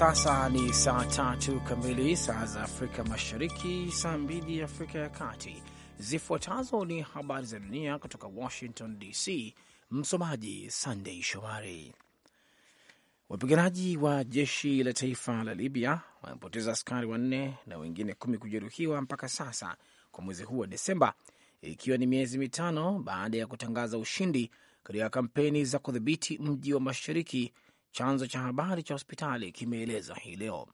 sasa ni saa tatu kamili saa za Afrika Mashariki, saa mbili Afrika ya Kati. Zifuatazo ni habari za dunia kutoka Washington DC. Msomaji Sandei Shomari. Wapiganaji wa jeshi la taifa la Libya wamepoteza askari wanne na wengine kumi kujeruhiwa mpaka sasa kwa mwezi huu wa Desemba, ikiwa ni miezi mitano baada ya kutangaza ushindi katika kampeni za kudhibiti mji wa mashariki chanzo cha habari cha hospitali kimeeleza hii leo.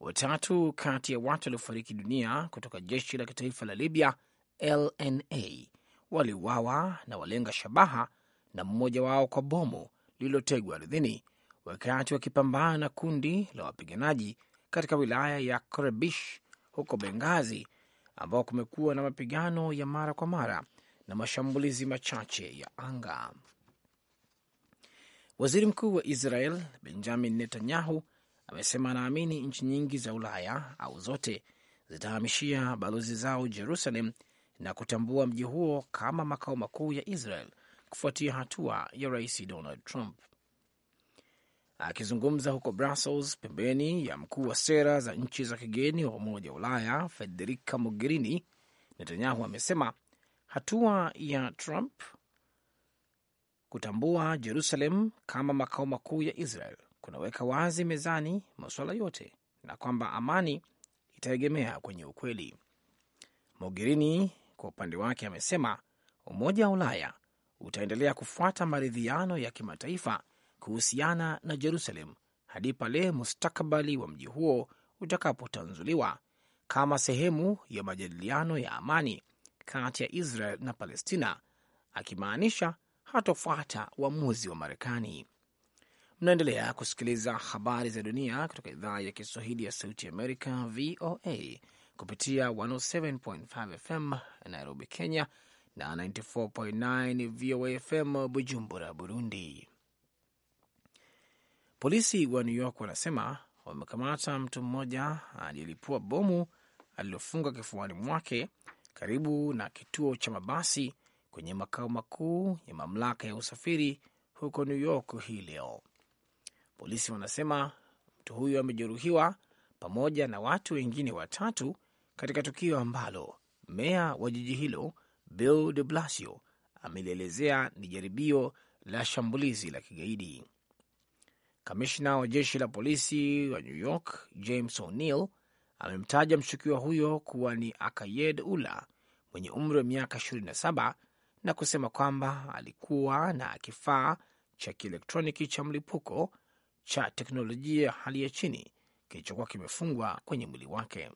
Watatu kati ya watu waliofariki dunia kutoka jeshi la kitaifa la Libya LNA waliuawa na walenga shabaha na mmoja wao kwa bomu lililotegwa ardhini wakati wakipambana na kundi la wapiganaji katika wilaya ya Krebish huko Bengazi, ambao kumekuwa na mapigano ya mara kwa mara na mashambulizi machache ya anga. Waziri mkuu wa Israel Benjamin Netanyahu amesema anaamini nchi nyingi za Ulaya au zote zitahamishia balozi zao Jerusalem na kutambua mji huo kama makao makuu ya Israel kufuatia hatua ya rais Donald Trump. Akizungumza huko Brussels pembeni ya mkuu wa sera za nchi za kigeni wa Umoja wa Ulaya Federica Mogherini, Netanyahu amesema hatua ya Trump Kutambua Jerusalem kama makao makuu ya Israel kunaweka wazi mezani masuala yote na kwamba amani itaegemea kwenye ukweli. Mogherini kwa upande wake amesema Umoja wa Ulaya utaendelea kufuata maridhiano ya kimataifa kuhusiana na Jerusalem hadi pale mustakabali wa mji huo utakapotanzuliwa kama sehemu ya majadiliano ya amani kati ya Israel na Palestina, akimaanisha hatofuata uamuzi wa Marekani. Mnaendelea kusikiliza habari za dunia kutoka idhaa ya Kiswahili ya Sauti Amerika, VOA, kupitia 107.5 FM Nairobi, Kenya na 94.9 VOA FM Bujumbura, Burundi. Polisi wa New York wanasema wamekamata mtu mmoja aliyelipua bomu alilofunga kifuani mwake karibu na kituo cha mabasi kwenye makao makuu ya mamlaka ya usafiri huko New York hii leo. Polisi wanasema mtu huyo amejeruhiwa pamoja na watu wengine watatu katika tukio ambalo meya wa jiji hilo Bill de Blasio amelielezea ni jaribio la shambulizi la kigaidi. Kamishna wa jeshi la polisi wa New York James O'Neill amemtaja mshukiwa huyo kuwa ni Akayed Ula mwenye umri wa miaka 27 na kusema kwamba alikuwa na kifaa cha kielektroniki cha mlipuko cha teknolojia ya hali ya chini kilichokuwa kimefungwa kwenye mwili wake.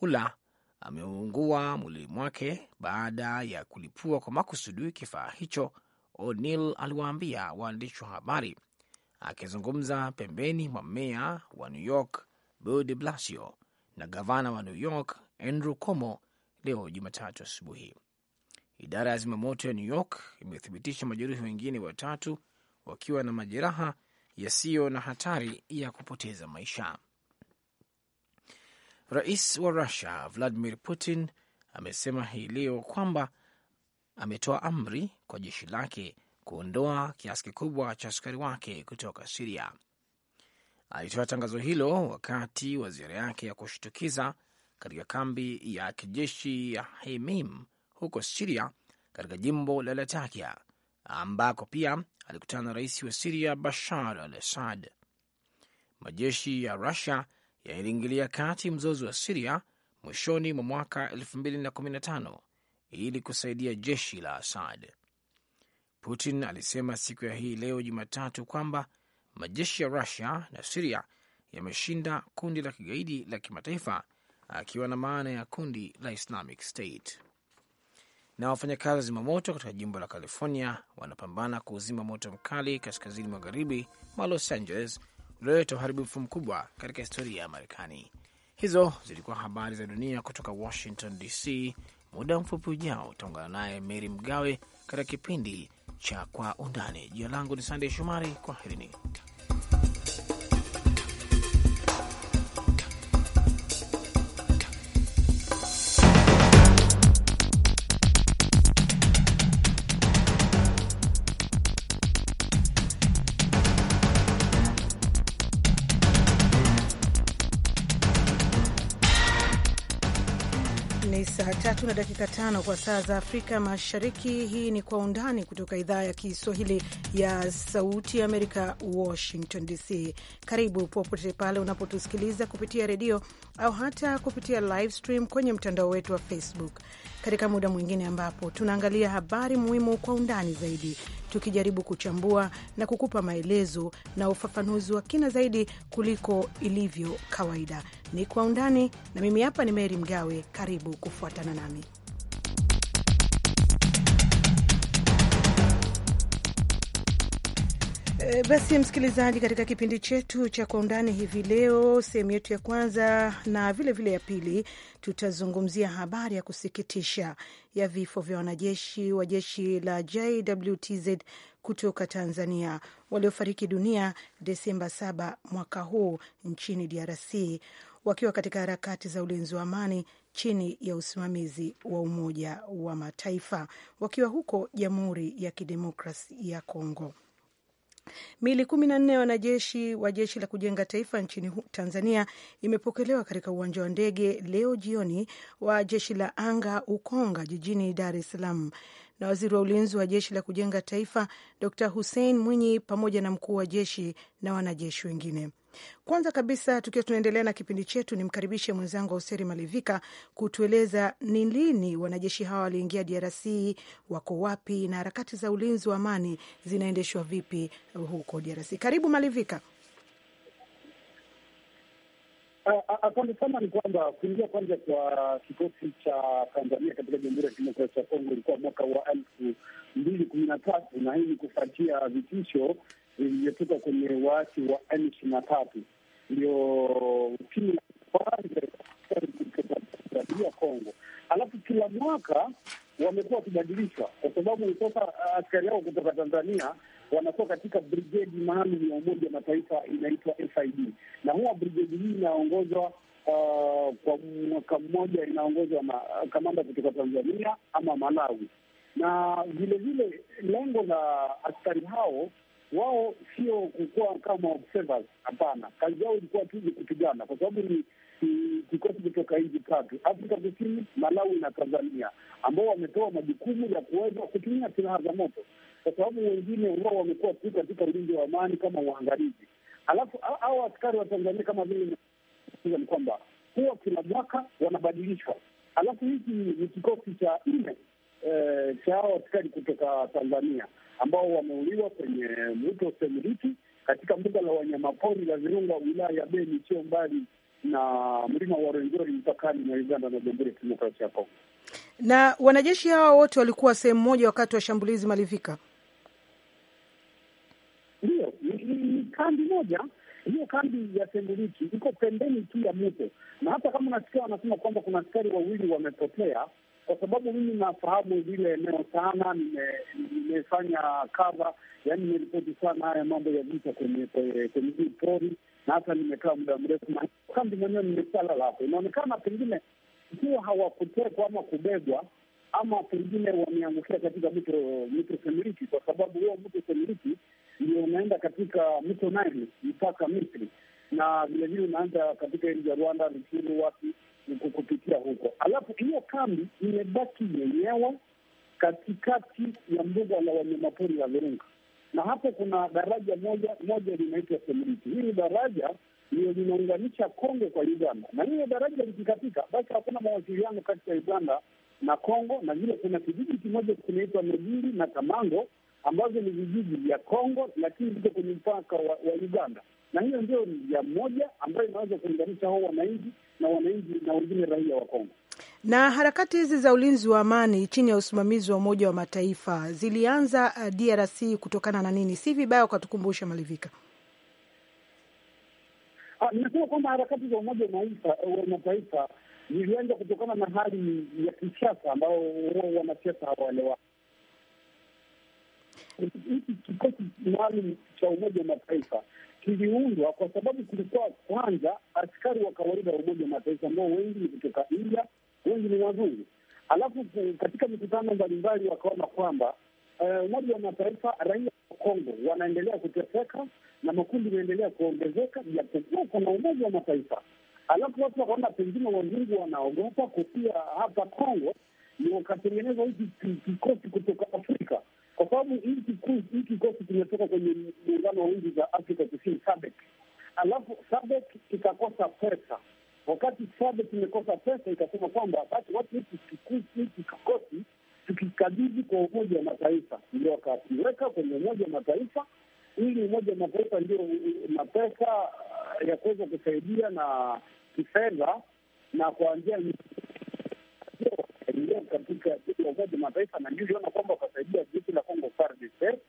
Ula ameungua mwili mwake baada ya kulipua kwa makusudi kifaa hicho, O'Neill aliwaambia waandishi wa habari akizungumza pembeni mwa meya wa New York Bill de Blasio na gavana wa New York Andrew Cuomo leo Jumatatu asubuhi. Idara ya zimamoto ya New York imethibitisha majeruhi wengine watatu wakiwa na majeraha yasiyo na hatari ya kupoteza maisha. Rais wa Russia Vladimir Putin amesema hii leo kwamba ametoa amri kwa jeshi lake kuondoa kiasi kikubwa cha askari wake kutoka Siria. Alitoa tangazo hilo wakati wa ziara yake ya kushtukiza katika kambi ya kijeshi ya Hemim huko Siria katika jimbo la Latakia ambako pia alikutana na rais wa Siria Bashar al Assad. Majeshi ya Rusia yaliingilia kati mzozo wa Siria mwishoni mwa mwaka 2015 ili kusaidia jeshi la Assad. Putin alisema siku ya hii leo Jumatatu kwamba majeshi ya Rusia na Siria yameshinda kundi la kigaidi la kimataifa, akiwa na maana ya kundi la Islamic State na wafanyakazi wa zimamoto katika jimbo la California wanapambana kuuzima moto mkali kaskazini magharibi mwa Los Angeles ulioleta uharibifu mkubwa katika historia ya Marekani. Hizo zilikuwa habari za dunia kutoka Washington DC. Muda mfupi ujao utaungana naye Mary Mgawe katika kipindi cha Kwa Undani. Jina langu ni Sandey Shomari. Kwaherini. tatu na dakika tano kwa saa za Afrika Mashariki. Hii ni Kwa Undani kutoka idhaa ya Kiswahili ya Sauti ya Amerika, Washington DC. Karibu popote pale unapotusikiliza kupitia redio au hata kupitia live stream kwenye mtandao wetu wa Facebook katika muda mwingine ambapo tunaangalia habari muhimu kwa undani zaidi, tukijaribu kuchambua na kukupa maelezo na ufafanuzi wa kina zaidi kuliko ilivyo kawaida. Ni kwa undani, na mimi hapa ni Meri Mgawe. Karibu kufuatana nami. Eh, basi msikilizaji, katika kipindi chetu cha Kwa Undani hivi leo, sehemu yetu ya kwanza na vilevile vile ya pili, tutazungumzia habari ya kusikitisha ya vifo vya wanajeshi wa jeshi la JWTZ kutoka Tanzania waliofariki dunia Desemba 7 mwaka huu nchini DRC wakiwa katika harakati za ulinzi wa amani chini ya usimamizi wa Umoja wa Mataifa wakiwa huko Jamhuri ya, ya Kidemokrasi ya congo mili kumi na nne ya wanajeshi wa jeshi la kujenga taifa nchini Tanzania imepokelewa katika uwanja wa ndege leo jioni wa jeshi la anga Ukonga jijini Dar es Salaam na waziri wa ulinzi wa jeshi la kujenga taifa Dr Hussein Mwinyi pamoja na mkuu wa jeshi na wanajeshi wengine. Kwanza kabisa, tukiwa tunaendelea na kipindi chetu, nimkaribishe mwenzangu Auseri Malivika kutueleza ni lini wanajeshi hawa waliingia DRC, wako wapi na harakati za ulinzi wa amani zinaendeshwa vipi huko DRC. Karibu Malivika. Asante ah, ah, ah, sana. Ni kwamba kuingia kwanza kwa kikosi cha Tanzania katika Jamhuri ya Kidemokrasia ya Kongo ilikuwa mwaka wa elfu mbili kumi na tatu na hii ni kufuatia vitisho iliyotoka kwenye waasi wa M ishirini na tatu ndio timu ya kwanza ya Kongo. Alafu kila mwaka wamekuwa wakibadilisha, kwa sababu sasa askari uh, yao kutoka Tanzania wanakuwa katika brigedi maalum ya Umoja wa Mataifa inaitwa FID, na huwa brigedi hii inaongozwa Uh, kwa mwaka mmoja inaongozwa na uh, kamanda kutoka Tanzania ama Malawi, na vilevile lengo la askari hao wao sio kukuwa kama observers, hapana. Kazi yao ilikuwa tu ni kupigana, kwa sababu ni kikosi kutoka nchi tatu, Afrika Kusini, Malawi na Tanzania, ambao wamepewa majukumu ya kuweza kutumia silaha za moto, kwa sababu wengine wao wamekuwa tu katika ulinzi wa amani kama uangalizi. Alafu hao askari wa Tanzania kama vile ni kwamba huwa kila mwaka wanabadilishwa, alafu hiki ni kikosi cha nne eh, cha hao askari kutoka Tanzania ambao wameuliwa kwenye mto Semliki katika mbuga la wanyamapori la Virunga, wilaya ya Beni, sio mbali na mlima wa Rwenzori mpakani na Uganda na Jamhuri ya Kidemokrasia ya Kongo. Na wanajeshi hawa wote walikuwa sehemu moja wakati wa shambulizi malivika? Ndiyo, ni kambi moja hiyo. Kambi ya Semliki iko pembeni tu ya mto, na hata kama unasikia wanasema kwamba kuna askari wawili wamepotea kwa sababu mimi nafahamu vile eneo sana, nimefanya kava, yaani nimeripoti sana haya mambo ya vita kwenye kwenye hii pori, na hata nimekaa muda mrefu na kambi mwenyewe, nimesala lako. Inaonekana pengine ikiwa hawakutekwa ama kubebwa ama pengine wameangukia katika mto mto Semiriki, kwa sababu huo mto Semiriki ndio unaenda katika mto Naili mpaka Misri na vilevile unaanza katika nchi ya Rwanda, Ruchuru, wapi kupitia huko. Alafu hiyo kambi imebaki yenyewe katikati ya mbuga la wanyamapori wa Virunga, na hapo kuna daraja moja moja linaitwa Semliki. Hili daraja ndio linaunganisha Kongo kwa Uganda, na hiyo daraja likikatika, basi hakuna mawasiliano kati ya Uganda na Kongo. Na vile kuna kijiji kimoja kinaitwa Mejili na Kamango ambazo ni vijiji vya Kongo, lakini viko kwenye mpaka wa, wa Uganda, na hiyo ndio njia moja ambayo inaweza kuunganisha hao wananchi na wananchi na wengine raia wa Kongo. Na harakati hizi za ulinzi wa amani chini ya usimamizi wa Umoja wa Mataifa zilianza uh, DRC kutokana na nini? Si vibaya ukatukumbusha Malivika. Ah, nimesema kwamba harakati za Umoja uh, wa Mataifa zilianza kutokana na hali ya kisiasa ambao wanasiasa hawaelewani. Hiki kikosi maalum cha Umoja wa Mataifa kiliundwa kwa sababu kulikuwa kwanza askari wa kawaida wa Umoja wa Mataifa ambao wengi ni kutoka India, wengi ni wazungu. Alafu katika mikutano mbalimbali wakaona kwamba eh, Umoja wa Mataifa, raia wa Kongo wanaendelea kuteseka na makundi yanaendelea kuongezeka japokuwa kuna Umoja wa Mataifa. Alafu watu wakaona pengine wazungu wanaogopa kupia hapa Kongo, ni wakatengeneza hiki kikosi kutoka Afrika hii kikosi kimetoka kwenye muungano wa nchi za Afrika Kusini, SADC, alafu SADC kikakosa pesa. Wakati SADC imekosa pesa, ikasema kwamba basi watu hiki kikosi tukikabidhi kwa Umoja wa Mataifa, ndio wakakiweka kwenye Umoja wa Mataifa ili Umoja wa Mataifa ndio mapesa uh, ya kuweza kusaidia na kifedha na kuanzia katika Umoja wa Mataifa na ndio iliona kwamba wakasaidia jeshi la Kongo FARDC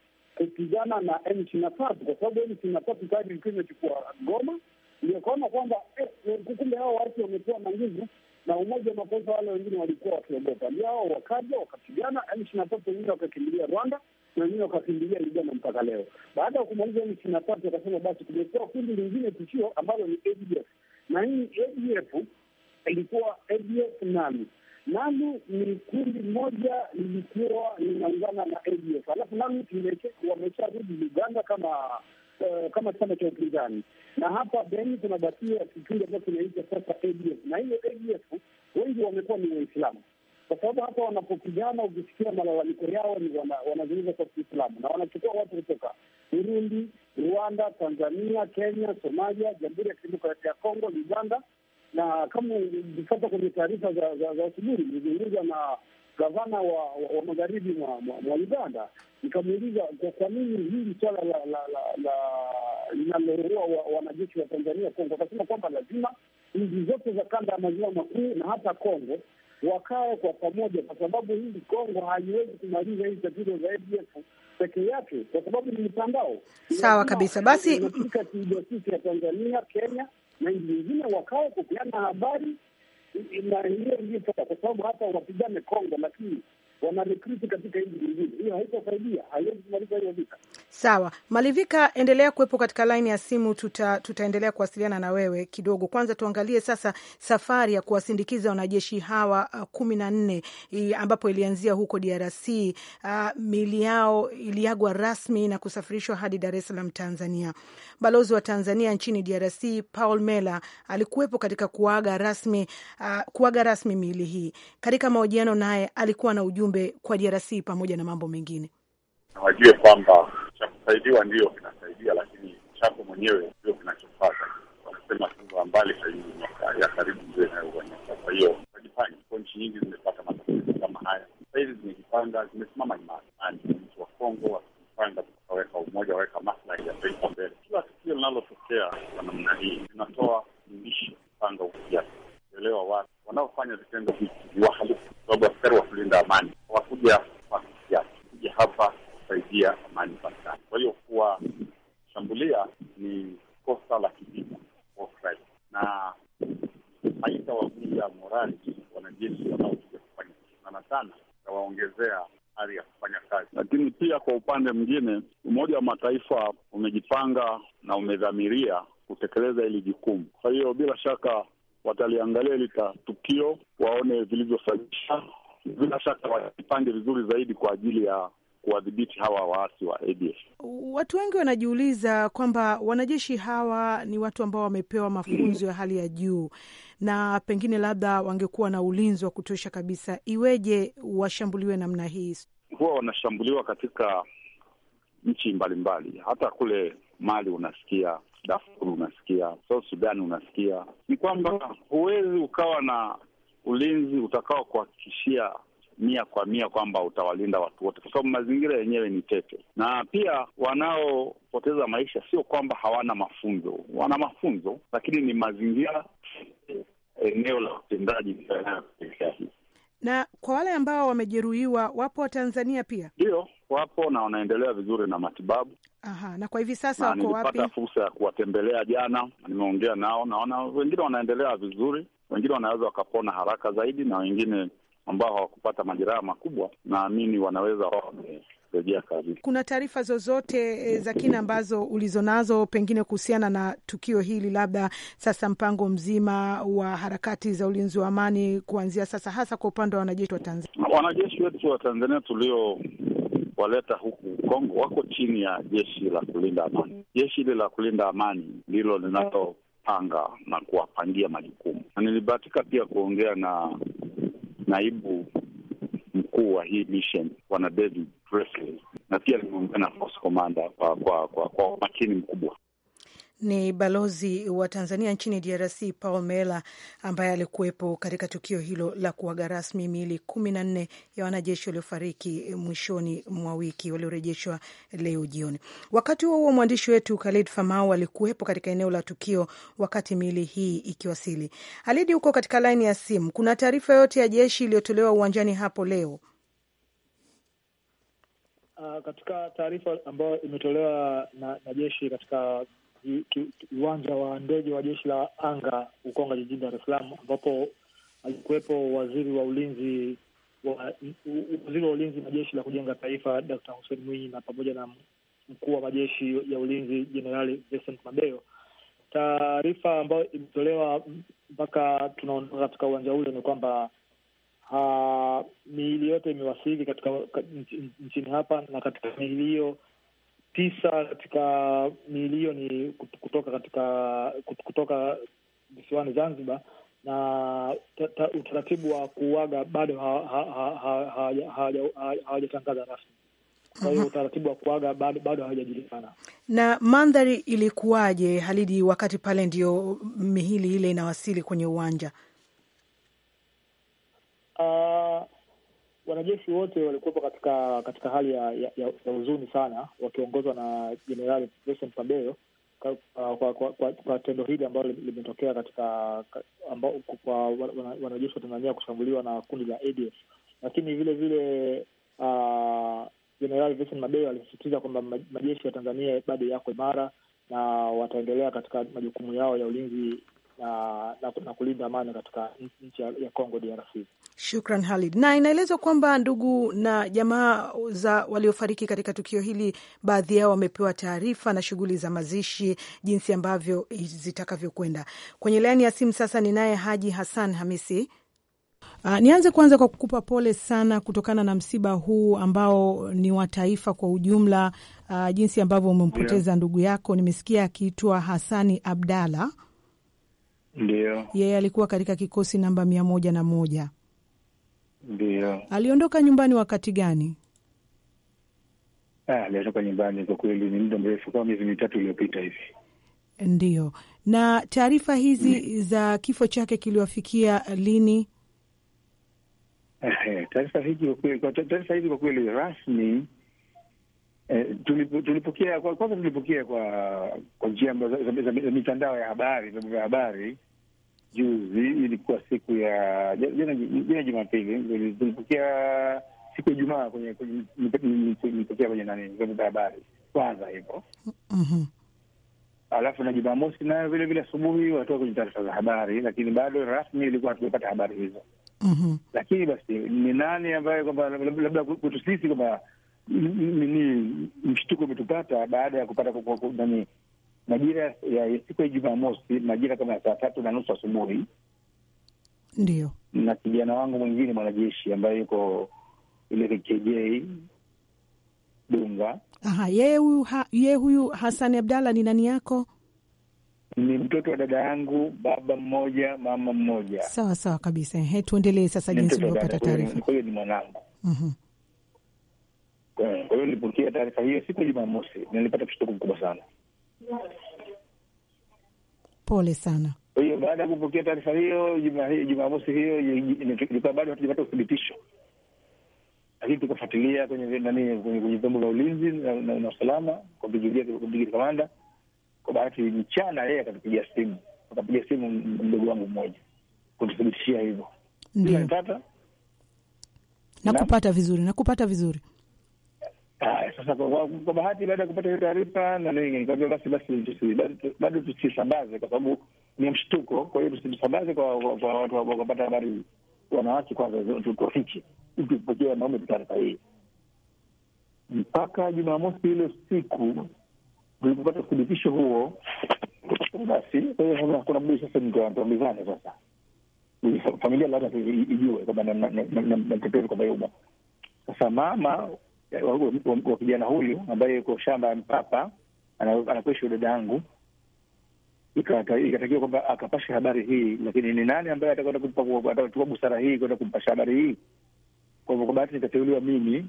kupigana na M 23 na tatu kwa sababu M ishirini na tatu tayari ilikuwa imechukua Goma. Ndio kaona kwamba eh, eh, kumbe hao watu wamekuwa na nguvu, na Umoja wa Mataifa wale wengine walikuwa wakiogopa, ndio hao wakaja wakapigana M 23 wengine wakakimbilia Rwanda na wengine wakakimbilia Uganda mpaka leo. Baada ya kumaliza M 23 na tatu wakasema basi kumekuwa kundi lingine tishio ambalo ni ADF na hii ADF ilikuwa ADF nani Nanu ni kundi moja lilikuwa linaungana na ADF, alafu Nanu rudi Uganda kama uh, kama chama cha upinzani, na hapa Beni tunabakia kikundi ambacho kinaitwa sasa ADF, na hiyo ADF wengi wamekuwa ni Waislamu kwa sababu hapa wanapopigana, ukisikia malalamiko yao ni wanazungumza kwa Kiislamu na wanachukua watu kutoka Burundi, Rwanda, Tanzania, Kenya, Somalia, Jamhuri ya Kidemokrasia ya Kongo, Uganda na kama ulipata kwenye taarifa za asubuhi, nilizungumza na gavana wa, wa, wa magharibi mwa, mwa, mwa Uganda, nikamuuliza kwa nini hili swala la linaloua wanajeshi wa, wa Tanzania Kongo. Akasema kwamba lazima nchi zote za kanda ya maziwa makuu na hata Kongo wakae kwa pamoja, kwa sababu hili Kongo haiwezi kumaliza hili tatizo za ADF peke yake, kwa sababu ni mtandao. Sawa kabisa, basi ya Tanzania, Kenya na nchi nyingine wakawa kupeana habari, na hiyo ndio kwa sababu hata wapigane Kongo, lakini wanarekruti katika nchi nyingine. Hiyo haitasaidia, haiwezi kumaliza hiyo vita. Sawa, Malivika, endelea kuwepo katika laini ya simu, tuta, tutaendelea kuwasiliana na wewe kidogo. Kwanza tuangalie sasa safari ya kuwasindikiza wanajeshi hawa uh, kumi na nne ambapo ilianzia huko DRC. Uh, mili yao iliagwa rasmi na kusafirishwa hadi Dar es Salaam, Tanzania. Balozi wa Tanzania nchini DRC Paul Mela alikuwepo katika kuaga rasmi, uh, kuaga rasmi mili hii. Katika mahojiano naye alikuwa na ujumbe ujumbe kwa DRC pamoja na mambo mengine? Wajue kwamba cha kusaidiwa ndiyo kinasaidia, lakini chako mwenyewe ndio kinachofata. Wanasema tungo mbali ya karibu ndio inayoonyesha. Kwa hiyo wajifanye ko, nchi nyingi zimepata matatizo kama haya, sahizi zimejipanga, zimesimama imara. Wananchi wa Kongo wakijipanga, tukaweka umoja, waweka maslahi ya taifa mbele. Kila tukio linalotokea kwa namna hii kutekeleza hili jukumu. Kwa hiyo bila shaka wataliangalia hili tukio, waone vilivyofanyisha bila shaka wajipange vizuri zaidi kwa ajili ya kuwadhibiti hawa waasi wa ADF. Watu wengi wanajiuliza kwamba wanajeshi hawa ni watu ambao wamepewa mafunzo ya hali ya juu na pengine labda wangekuwa na ulinzi wa kutosha kabisa, iweje washambuliwe namna hii? Huwa wanashambuliwa katika nchi mbalimbali, hata kule Mali unasikia Darfur unasikia, South Sudan unasikia, ni kwamba huwezi ukawa na ulinzi utakao kuhakikishia mia kwa mia kwamba utawalinda watu wote, kwa sababu mazingira yenyewe ni tete, na pia wanaopoteza maisha sio kwamba hawana mafunzo, wana mafunzo, lakini ni mazingira, eneo la utendaji hii. Na kwa wale ambao wamejeruhiwa, wapo Watanzania pia? ndio wapo na wanaendelea vizuri na matibabu. Aha, na kwa hivi sasa wako wapi? Nilipata fursa ya kuwatembelea jana, nimeongea nao, naona wengine wanaendelea vizuri, wengine wanaweza wakapona haraka zaidi, na wengine ambao hawakupata majeraha makubwa, naamini wanaweza wamerejea kazini. Kuna taarifa zozote eh, za kina ambazo ulizonazo pengine kuhusiana na tukio hili, labda sasa mpango mzima wa harakati za ulinzi wa amani kuanzia sasa, hasa kwa upande wa wanajeshi wa Tanzania? Wanajeshi wetu wa Tanzania tulio waleta huku Kongo wako chini ya jeshi la kulinda amani. Jeshi hili la kulinda amani ndilo linalopanga na kuwapangia majukumu, na nilibahatika pia kuongea na naibu mkuu wa hii mission Bwana David Presley, na pia nimeongea na force commander kwa kwa kwa umakini mkubwa. Ni balozi wa Tanzania nchini DRC Paul Mela ambaye alikuwepo katika tukio hilo la kuaga rasmi miili kumi na nne ya wanajeshi waliofariki mwishoni mwa wiki waliorejeshwa leo jioni. Wakati huo huo, mwandishi wetu Khalid Famau alikuwepo katika eneo la tukio wakati miili hii ikiwasili. Halidi, huko katika laini ya simu, kuna taarifa yoyote ya jeshi iliyotolewa uwanjani hapo leo? Uh, katika taarifa ambayo imetolewa na, na jeshi katika uwanja wa ndege wa jeshi la anga Ukonga jijini Dar es Salaam, ambapo alikuwepo waziri wa ulinzi wa, waziri wa ulinzi na jeshi la kujenga taifa d Hussein Mwinyi na pamoja na mkuu wa majeshi ya ulinzi Jenerali Vincent Mabeyo. Taarifa ambayo imetolewa mpaka tunaondoka katika uwanja ule ni kwamba ah, miili yote imewasili katika nchini hapa, na katika miili hiyo tisa katika miilio ni kutoka katika kutoka visiwani Zanzibar na utaratibu wa kuaga bado hawajatangaza rasmi. Kwa hiyo mhm. utaratibu wa kuaga bado bado Na mandhari ilikuwaje, Halidi, wakati pale ndio mihili ile inawasili kwenye uwanja? uh, wanajeshi wote walikuwepo katika katika hali ya, ya, ya huzuni sana, wakiongozwa na Jenerali Wilson Pambero kwa, kwa, kwa, kwa, kwa tendo hili ambalo limetokea katika ambao, kwa wanajeshi wa Tanzania kushambuliwa na kundi la ADF, lakini vile vile ah, Jenerali uh, Wilson Mabeo alisisitiza kwamba majeshi ya Tanzania bado yako imara na wataendelea katika majukumu yao ya ulinzi na, na, na kulinda amani katika nchi ya Congo DRC. Shukran Halid. Na inaelezwa kwamba ndugu na jamaa za waliofariki katika tukio hili, baadhi yao wamepewa taarifa na shughuli za mazishi jinsi ambavyo zitakavyokwenda. Kwenye laini ya simu sasa ninaye Haji Hassan Hamisi. Uh, nianze kwanza kwa kukupa pole sana kutokana na msiba huu ambao ni wa taifa kwa ujumla. Uh, jinsi ambavyo umempoteza ndugu yako, nimesikia akiitwa Hasani Abdalla ndio. Yeye alikuwa katika kikosi namba mia moja na moja. Ndio. Aliondoka nyumbani wakati gani? Ah, aliondoka nyumbani kwa kweli ni muda mrefu, kama miezi mitatu iliyopita hivi. Ndio. Na taarifa hizi ndiyo, mm. za kifo chake kiliwafikia lini? Taarifa hizi kwa kweli rasmi eh, tulipokea kwanza, tulipokea kwa kwa njia za mitandao ya habari, vyombo vya habari, juzi ilikuwa siku ya jana Jumapili, tulipokea siku ya Jumaa kwenye nilipokea kwenye nani vyombo vya habari kwanza hivyo, mm-hmm. alafu na Jumamosi nayo vile vile asubuhi watoka kwenye taarifa za habari, lakini bado rasmi ilikuwa hatujapata habari hizo. Mm-hmm. Lakini basi ni nani ambaye kwamba labda kwetu sisi kwamba nini mshtuko umetupata baada ya kupata nani majira ya siku ya Jumamosi, majira kama ya saa tatu na nusu asubuhi, ndio na kijana wangu mwingine mwanajeshi ambaye yuko ile KJ Dunga. Aha, yeye huyu ha, yeye huyu Hasani Abdalla ni nani yako? Ni mtoto wa dada yangu, baba mmoja mama mmoja. Sawa sawa kabisa. He, tuendelee sasa jinsi ulivyopata taarifa. Kwa hiyo ni mwanangu. Mhm. Eh, kwa hiyo nilipokea taarifa hiyo siku ya Jumamosi, nilipata mshtuko mkubwa sana. Pole sana. Kwa hiyo baada ya kupokea taarifa hiyo Jumamosi hiyo ilikuwa bado hatujapata uthibitisho, lakini tukafuatilia kwenye nani, kwenye vyombo vya ulinzi na usalama, kwa brigedi kamanda. Kwa bahati mchana, yeye akatupigia simu, akapiga simu mdogo wangu mmoja kututhibitishia hivyo. Ndio nakupata vizuri, nakupata vizuri. Haya, sasa kwa bahati, baada ya kupata hiyo taarifa na nini, nikajua basi basi bado tusisambaze, kwa sababu ni mshtuko. Kwa hiyo tusisambaze kwa watu wakapata habari, wanawake kwanza tufiche, tupokee wanaume taarifa hii. Mpaka Jumamosi ile siku tulipopata uthibitisho huo, basi hakuna budi sasa, tuambizane sasa, familia lazima ijue kwamba namtetezi kwamba yuma sasa mama Eh, wa kijana huyu ambaye yuko shamba ya mpapa anakuishi dada yangu, ikatakiwa kwamba akapashe habari hii, lakini ni nani ambaye atachukua busara hii kwenda kumpasha habari hii? Kwa hivyo, kwa bahati nikateuliwa mimi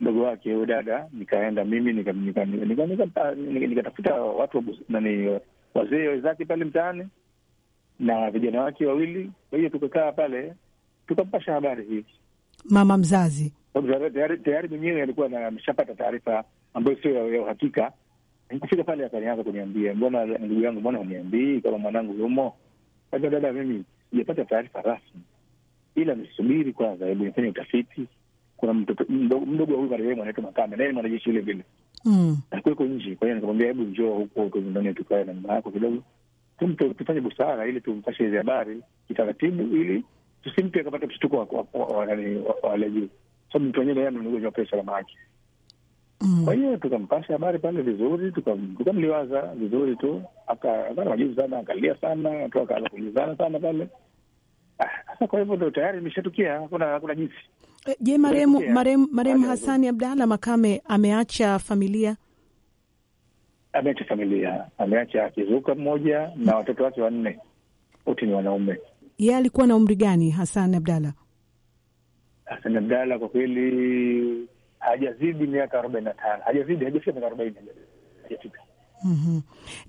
mdogo wake huyo dada, nikaenda mimi nikatafuta watu nani, wazee wenzake pale mtaani na vijana wake wawili. Kwa hiyo tukakaa pale tukampasha habari hii mama mzazi sababu tayari mwenyewe alikuwa ameshapata taarifa ambayo sio ya uhakika. Nikufika pale akanianza kuniambia, mbona ndugu yangu, mbona uniambii kama mwanangu yumo? Kaza dada, mimi sijapata taarifa rasmi, ila nisubiri kwanza, hebu nifanye utafiti. Kuna mtoto mdogo wa huyu marehemu anaitwa Makame, naye ni mwanajeshi yule vile alikuweko nje. Kwa hiyo nikamwambia, hebu njoo huko tuzindani, tukae na mama yako kidogo, tufanye busara ili tumpashe hizi habari kitaratibu, ili tusimpe akapata mshtuko wa hali juu sababu mtu wenyewe ana mguu wa presha kama yake. Mm. Kwa hiyo tukampasha habari pale vizuri, tukamliwaza vizuri tu, akana majibu sana, akalia sana, watu akaanza kuulizana sana pale. Ah, sasa kwa hivyo ndo tayari imeshatukia, hakuna hakuna jinsi. Eh, je, marehemu marehemu marehemu Hassani Abdalla Makame ameacha familia? Ameacha familia, ameacha kizuka mmoja na watoto wake wanne, wote ni wanaume. Yeye alikuwa na umri gani Hassani Abdalla? Hasan Abdalla kwa kweli hajazidi miaka arobaini na tano, hajazidi hajafika miaka arobaini hajafika. Mm -hmm.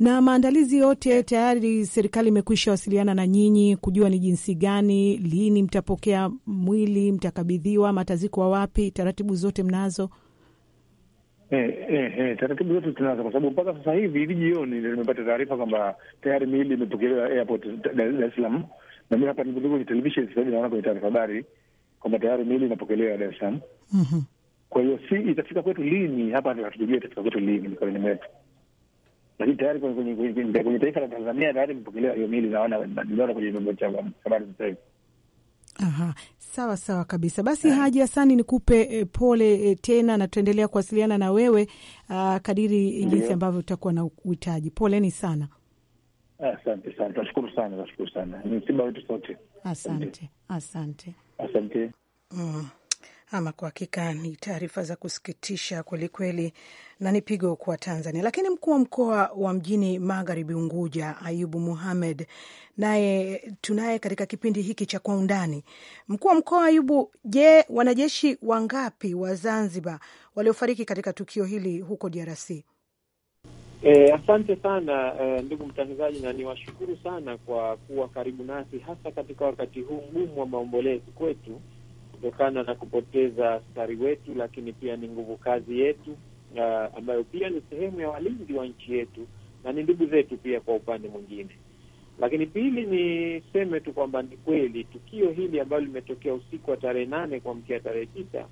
Na maandalizi yote tayari serikali imekwisha wasiliana na nyinyi kujua ni jinsi gani, lini mtapokea mwili, mtakabidhiwa, matazikwa wapi, taratibu zote mnazo? Eh, eh, eh, taratibu zote tunazo kwa sababu mpaka sasa hivi hivi jioni ndio nimepata taarifa kwamba tayari miili imepokelewa airport Dar es Salaam, na mimi hapa nilipo kwenye televisheni sasa hivi naona kwenye taarifa habari kwamba tayari mili inapokelewa Dar es Salaam. mm -hmm. Kwa hiyo si itafika kwetu lini, hapa ndio hatujajua itafika kwetu lini mikononi mwetu, lakini tayari kwenye taifa la Tanzania tayari imepokelewa hiyo mili, naona kwenye vyombo cha habari sasa hivi. Aha, sawa sawa kabisa. Basi yeah. Haji Hasani, nikupe e, pole e, tena na tutaendelea kuwasiliana na wewe a, ah, kadiri jinsi ambavyo utakuwa na uhitaji. Poleni sana. Asante sana, tunashukuru sana, tunashukuru sana, ni msiba wetu sote. Asante, asante. Asante. Mm. Ama kwa hakika ni taarifa za kusikitisha kwelikweli na ni pigo kwa Tanzania. Lakini mkuu wa mkoa wa mjini magharibi Unguja, Ayubu Muhamed, naye tunaye katika kipindi hiki cha Kwa Undani. Mkuu wa mkoa Ayubu, je, wanajeshi wangapi wa Zanzibar waliofariki katika tukio hili huko DRC? E, asante sana e, ndugu mtangazaji, na niwashukuru sana kwa kuwa karibu nasi hasa katika wakati huu mgumu wa maombolezi kwetu kutokana na kupoteza askari wetu, lakini pia ni nguvu kazi yetu a, e, ambayo pia ni sehemu ya walinzi wa nchi yetu na ni ndugu zetu pia kwa upande mwingine. Lakini pili, niseme tu kwamba ni kweli tukio hili ambalo limetokea usiku wa tarehe nane kuamkia tarehe tisa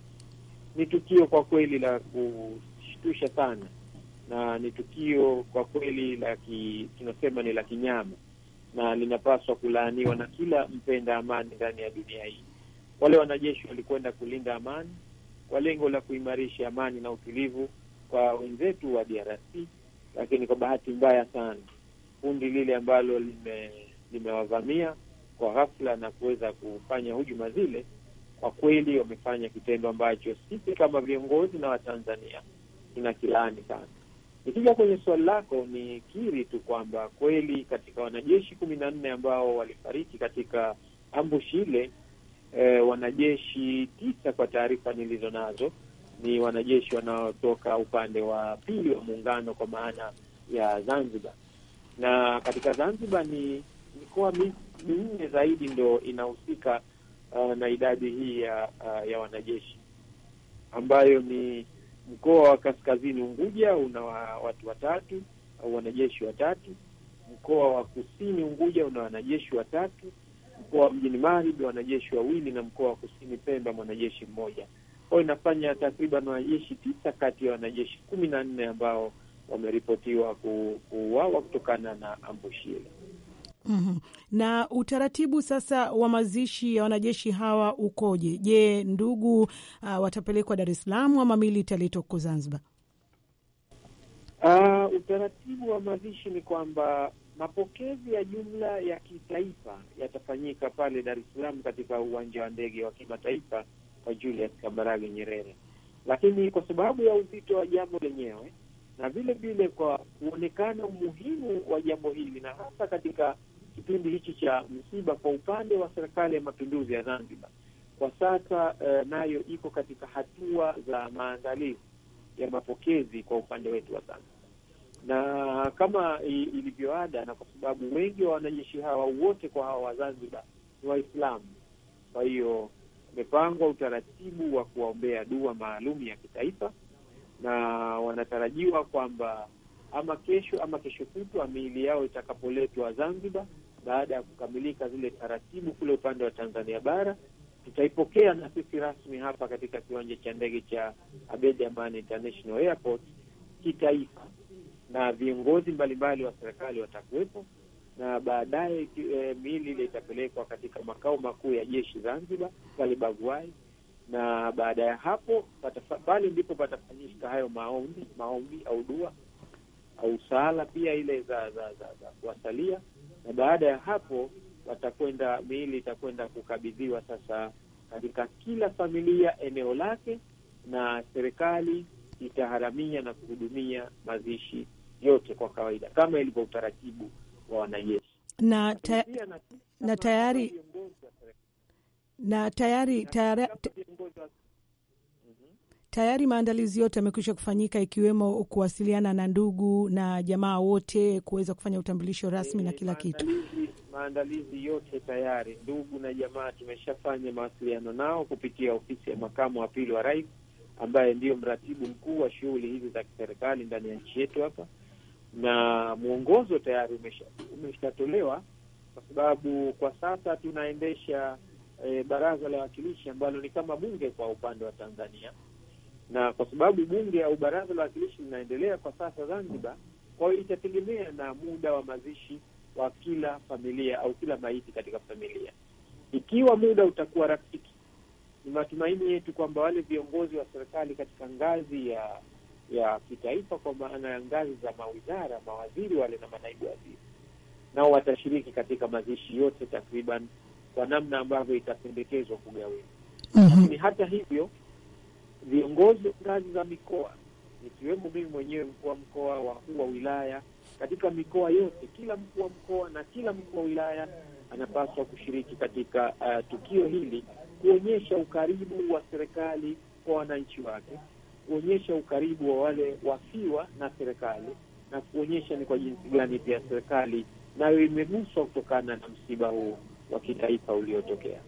ni tukio kwa kweli la kushtusha sana na ni tukio kwa kweli la tunasema ni la kinyama na linapaswa kulaaniwa na kila mpenda amani ndani ya dunia hii. Wale wanajeshi walikwenda kulinda amani kwa lengo la kuimarisha amani na utulivu kwa wenzetu wa DRC, lakini kwa bahati mbaya sana kundi lile ambalo lime, limewavamia kwa ghafla na kuweza kufanya hujuma zile, kwa kweli wamefanya kitendo ambacho sisi kama viongozi na Watanzania tunakilaani sana. Nikija kwenye swali lako, ni kiri tu kwamba kweli katika wanajeshi kumi na nne ambao walifariki katika ambush ile e, wanajeshi tisa kwa taarifa nilizo nazo ni wanajeshi wanaotoka upande wa pili wa muungano kwa maana ya Zanzibar, na katika Zanzibar ni mikoa minne zaidi ndo inahusika uh, na idadi hii ya, uh, ya wanajeshi ambayo ni Mkoa wa Kaskazini Unguja una watu watatu au wanajeshi watatu. Mkoa wa Kusini Unguja una wanajeshi watatu. Mkoa wa Mjini Magharibi wanajeshi wawili, na mkoa wa Kusini Pemba mwanajeshi mmoja. Kwa inafanya takriban wanajeshi tisa kati ya wanajeshi kumi na nne ambao wameripotiwa kuuawa kutokana na ambushile. Mm -hmm. Na utaratibu sasa wa mazishi ya wanajeshi hawa ukoje? Je, ndugu uh, watapelekwa Dar es Salaam ama mili italetwa huko Zanzibar? Uh, utaratibu wa mazishi ni kwamba mapokezi ya jumla ya kitaifa yatafanyika pale Dar es Salaam katika uwanja wa ndege wa kimataifa wa Julius Kambarage Nyerere, lakini kwa sababu ya uzito wa jambo lenyewe na vile vile kwa kuonekana umuhimu wa jambo hili na hasa katika kipindi hichi cha msiba kwa upande wa serikali ya mapinduzi ya Zanzibar kwa sasa eh, nayo iko katika hatua za maandalizi ya mapokezi kwa upande wetu wa Zanzibar, na kama ilivyoada, na kwa sababu wengi wa wanajeshi hawa wote kwa hawa wa Zanzibar ni Waislamu, kwa hiyo umepangwa utaratibu wa kuwaombea dua maalum ya kitaifa, na wanatarajiwa kwamba ama kesho ama kesho kutwa miili yao itakapoletwa Zanzibar baada ya kukamilika zile taratibu kule upande wa Tanzania bara tutaipokea na sisi rasmi hapa katika kiwanja cha ndege cha Abedi Amani International Airport kitaifa, na viongozi mbalimbali wa serikali watakuwepo, na baadaye e, miili ile itapelekwa katika makao makuu ya jeshi Zanzibar pale Baguai, na baada ya hapo pale ndipo patafanyika hayo maombi maombi au dua au sala pia ile za za, za, za kuwasalia na baada ya hapo watakwenda, miili itakwenda kukabidhiwa sasa katika kila familia eneo lake, na serikali itaharamia na kuhudumia mazishi yote kwa kawaida kama ilivyo utaratibu wa wanajeshi na, ta na, na tayari na tayari tayari tayari maandalizi yote yamekwisha kufanyika ikiwemo kuwasiliana na ndugu na jamaa wote kuweza kufanya utambulisho rasmi na eh, kila kitu. Maandalizi yote tayari, ndugu na jamaa tumeshafanya mawasiliano nao kupitia ofisi ya makamu wa pili wa rais ambaye ndiyo mratibu mkuu wa shughuli hizi za kiserikali ndani ya nchi yetu hapa, na mwongozo tayari umeshatolewa umesha, kwa sababu kwa sasa tunaendesha e, baraza la wakilishi ambalo ni kama bunge kwa upande wa Tanzania na kwa sababu bunge au baraza la wakilishi linaendelea kwa sasa Zanzibar, kwa hiyo itategemea na muda wa mazishi wa kila familia au kila maiti katika familia. Ikiwa muda utakuwa rafiki, ni matumaini yetu kwamba wale viongozi wa serikali katika ngazi ya ya kitaifa, kwa maana ya ngazi za mawizara, mawaziri wale na manaibu waziri, nao watashiriki katika mazishi yote takriban kwa namna ambavyo itapendekezwa kugawiwa. Mhm. Lakini mm -hmm. hata hivyo viongozi wa ngazi za mikoa, nikiwemo mimi mwenyewe, mkuu wa mkoa, wakuu wa wilaya katika mikoa yote, kila mkuu wa mkoa na kila mkuu wa wilaya anapaswa kushiriki katika uh, tukio hili, kuonyesha ukaribu wa serikali kwa wananchi wake, kuonyesha ukaribu wa wale wafiwa na serikali, na kuonyesha ni kwa jinsi gani pia serikali nayo imeguswa kutokana na msiba huu wa kitaifa uliotokea.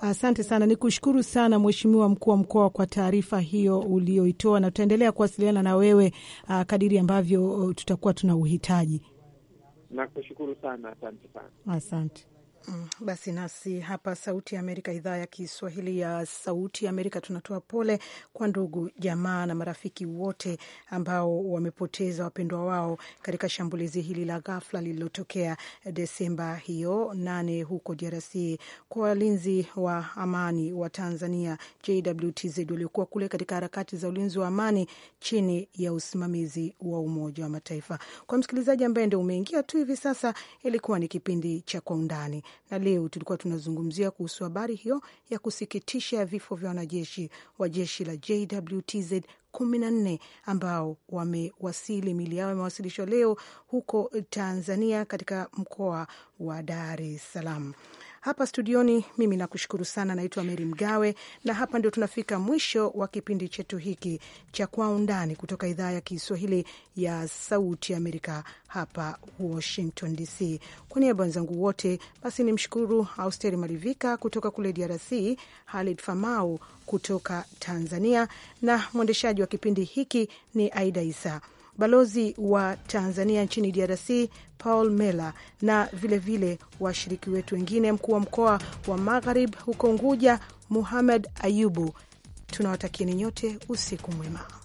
Asante sana, ni kushukuru sana Mheshimiwa mkuu wa mkoa kwa taarifa hiyo ulioitoa, na tutaendelea kuwasiliana na wewe uh, kadiri ambavyo uh, tutakuwa tuna uhitaji. Nakushukuru sana, asante sana, asante. Mm, basi nasi hapa Sauti ya Amerika, idhaa ya Kiswahili ya Sauti ya Amerika, tunatoa pole kwa ndugu jamaa na marafiki wote ambao wamepoteza wapendwa wao katika shambulizi hili la ghafla lililotokea Desemba hiyo nane huko DRC. Kwa walinzi wa amani wa Tanzania JWTZ waliokuwa kule katika harakati za ulinzi wa amani chini ya usimamizi wa Umoja wa Mataifa. Kwa msikilizaji ambaye ndio umeingia tu hivi sasa, ilikuwa ni kipindi cha Kwa Undani na leo tulikuwa tunazungumzia kuhusu habari hiyo ya kusikitisha ya vifo vya wanajeshi wa jeshi la JWTZ kumi na nne ambao wamewasili, mili yao imewasilishwa leo huko Tanzania katika mkoa wa Dar es Salaam. Hapa studioni mimi nakushukuru sana, naitwa Meri Mgawe, na hapa ndio tunafika mwisho wa kipindi chetu hiki cha Kwa Undani kutoka idhaa ya Kiswahili ya Sauti Amerika hapa Washington DC. Kwa niaba wenzangu wote, basi ni mshukuru Austeri Malivika kutoka kule DRC, Halid Famau kutoka Tanzania, na mwendeshaji wa kipindi hiki ni Aida Isa balozi wa Tanzania nchini DRC Paul Mela na vilevile washiriki wetu wengine, mkuu wa mkoa wa Magharib huko Nguja Muhamed Ayubu. Tunawatakieni nyote usiku mwema.